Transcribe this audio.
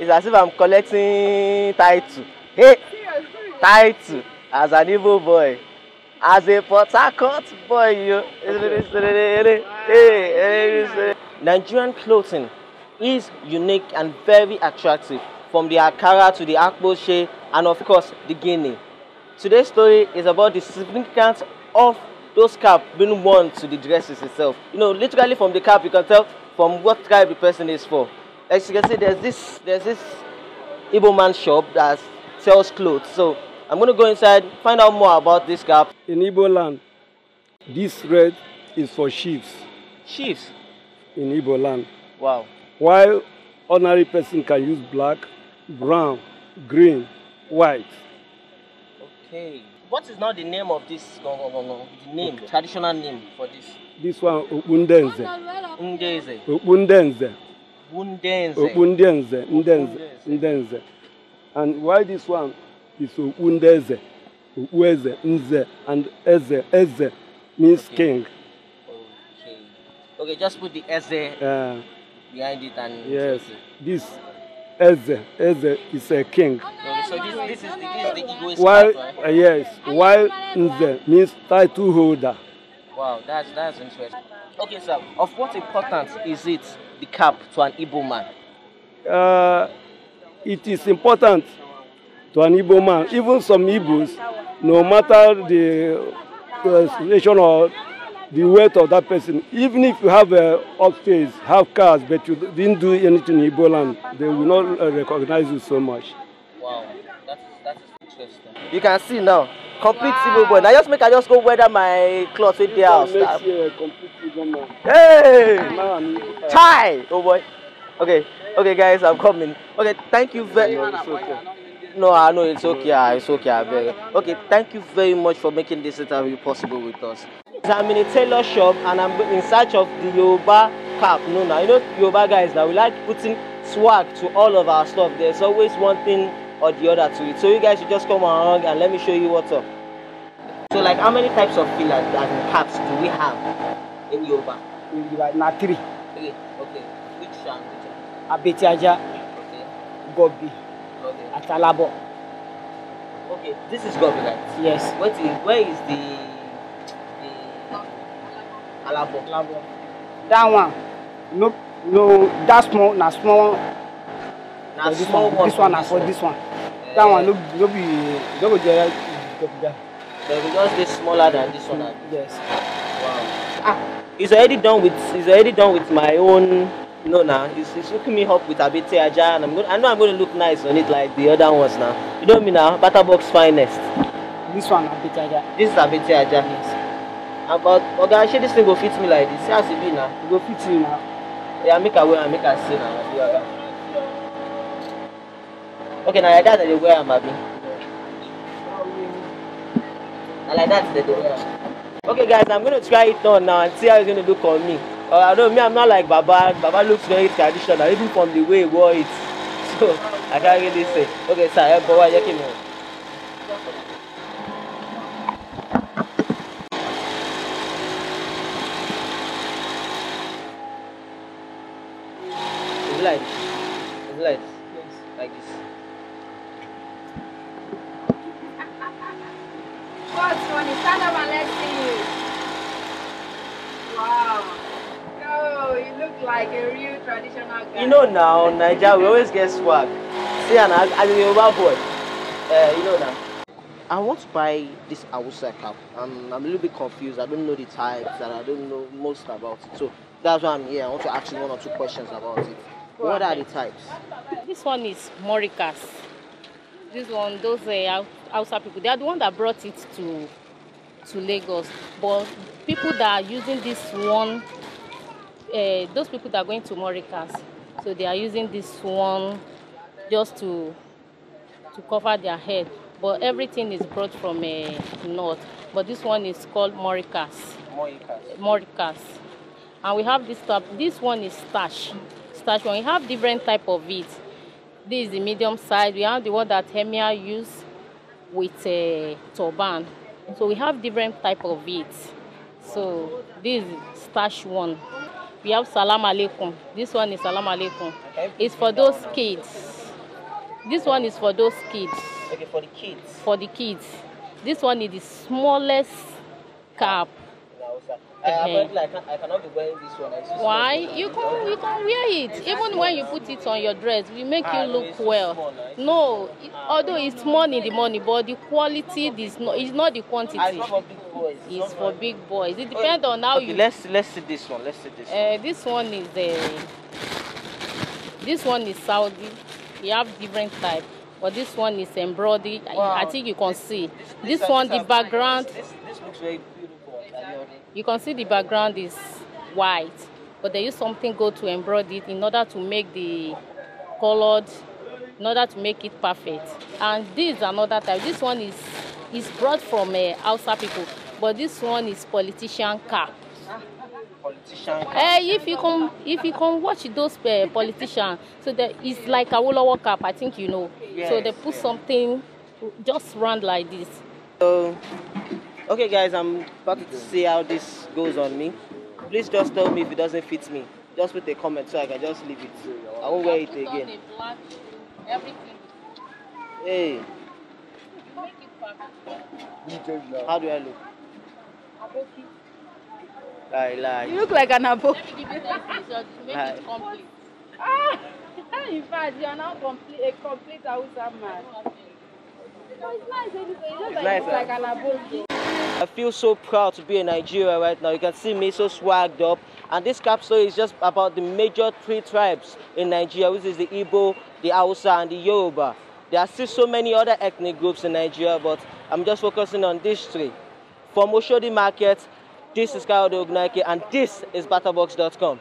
It's as if I'm collecting title. Hey, title as an evil boy. As a Port Harcourt boy, you. Hey, Nigerian clothing is unique and very attractive, from the Akara to the Akboshe and of course the Guinea. Today's story is about the significance of those caps being worn to the dresses itself. You know, literally from the cap you can tell from what tribe the person is for. as you can see, there's this there's this Ibo man shop that sells clothes. So I'm gonna go inside, find out more about this gap. In Igbo land, this red is for chiefs. Chiefs? In Igbo land. Wow. While ordinary person can use black, brown, green, white. Okay. What is now the name of this The name, okay. traditional name for this? This one, Upundenze. Upundenze. Okpundenze. Uh, Ndenze. Ndenze. And why this one is Okpundeze? Okpueze, Nze, and Eze. Eze means okay. king. Okay. Okay, just put the Eze uh, behind it and. Yes. This Eze, Eze is a king. Okay, so this, this is the, this is the while, right? uh, Yes, while Nze means title holder. Wow, that's, that's interesting. Okay, sir, of what importance is it the cap to an Igbo man? Uh, it is important to an Igbo man. Even some Igbos, no matter the uh, situation or the weight of that person, even if you have uh, a office, have cars, but you didn't do anything in Igbo land, they will not uh, recognize you so much. Wow, that's, that's interesting. You can see now, complete wow. Igbo boy. Now just make I just go weather my clothes with the house. Next year, complete Hey! Chai! Oh boy. Okay, okay, guys, I'm coming. Okay, thank you very much. No, I know it's okay. Ah, it's okay. Okay, thank you very much for making this interview possible with us. I'm in a tailor shop and I'm in search of the Yoba cap. No, no, you know Yoba guys. Now we like putting swag to all of our stuff. There's always one thing or the other to it. So you guys should just come along and let me show you what's up. So like, how many types of fillers and caps do we have? In Yoruba. In Yoruba. Na three. Three. Okay. Which one? which one? Abetiaja. Okay. Gobi. Okay. Atalabo. Okay. This is Gobi, right? Yes. What is, where is the the Alabo? Alabo. That one. No, no. That small. Na small. Na small one. This one. Na for this one. That one. No, no be. No go there. Gobi. They will just be smaller than this one. Yes. Wow. Ah he's already done with he's already done with my own no now nah. he's, he's hooking me up with abete aja and i'm gonna i know i'm gonna look nice on it like the other ones now you know me now Butterbox finest this one abete aja this is abete aja yes about ah, oga okay, this thing will fit me like this see how e be now It will fit you now yeah make a wear am make a see now i be okay now like that i wear am abi na like that they dey wear am. okay guys i'm gonna try it on now and see how it's gonna look on me uh, i don't me i'm not like baba baba looks very traditional even from the way he wore it so i can't really say okay sir help bowa yeke me. Light, light, like this. What's funny? Stand look like a real traditional guy. You know now, Nigeria, we always get swag. See, and as, am a boy, uh, you know now. I want to buy this Awusa cap. I'm, I'm a little bit confused. I don't know the types and I don't know most about it. So that's why I'm here. I want to ask you one or two questions about it. What are the types? This one is Moricas. This one, those uh, people, they are the one that brought it to to Lagos. But people that are using this one uh, those people that are going to Morikas, so they are using this one just to to cover their head. But everything is brought from uh, north. But this one is called Morikas. Morikas. Morikas. And we have this type. This one is stash. Stash one. We have different type of it. This is the medium size. We have the one that Hemia use with a uh, eh, turban. So we have different type of it. So this is stash one. We have Salam Alaikum. This one is Salam Alaikum. Okay. It's for those kids. This one is for those kids. Okay, for the kids. For the kids. This one is the smallest cap. Uh, -huh. but mm-hmm. like I cannot be wearing this one. I just Why? You can you can wear it. It's Even when you put it on your dress, we make ah, you look no, well. Small, no, no it, although it's small in the money, but the quality is not It's not the quantity. Ah, it's for big boys. It's, for big boys. It oh, depends on how okay, you. Let's let's see this one. Let's see this. One. Uh, this one is a. Uh, this one is Saudi. We have different type. But this one is embroidered. Wow. I think you can this, see. This, this, this one, the background. This, this looks very beautiful. You can see the background is white, but they use something gold to embroider it in order to make the colored, in order to make it perfect. And this is another type. This one is is brought from uh, eh, outside people, but this one is politician cap. politician. Uh, if you can if you can watch those uh, eh, politicians so that it's like a Awolowo cap I think you know yes, so they put yes. something just round like this. So Okay, guys, I'm about to see how this goes on me. Please just tell me if it doesn't fit me. Just put a comment so I can just leave it. I won't wear it again. Black, hey. How do I look? Aboki. Lie, lie. You look like an aboki. Let me give you the make it complete. Ah, in fact, you are now complete, a complete Hausa man. No, it's nice, anyway. It's, it's like, nice, it's like an aboki. I feel so proud to be in Nigeria right now. You can see me so swagged up. And this capsule is just about the major three tribes in Nigeria, which is the Igbo, the Hausa, and the Yoruba. There are still so many other ethnic groups in Nigeria, but I'm just focusing on these three. From Oshodi Market, this is Kyle Ognaike, and this is BatterBox.com.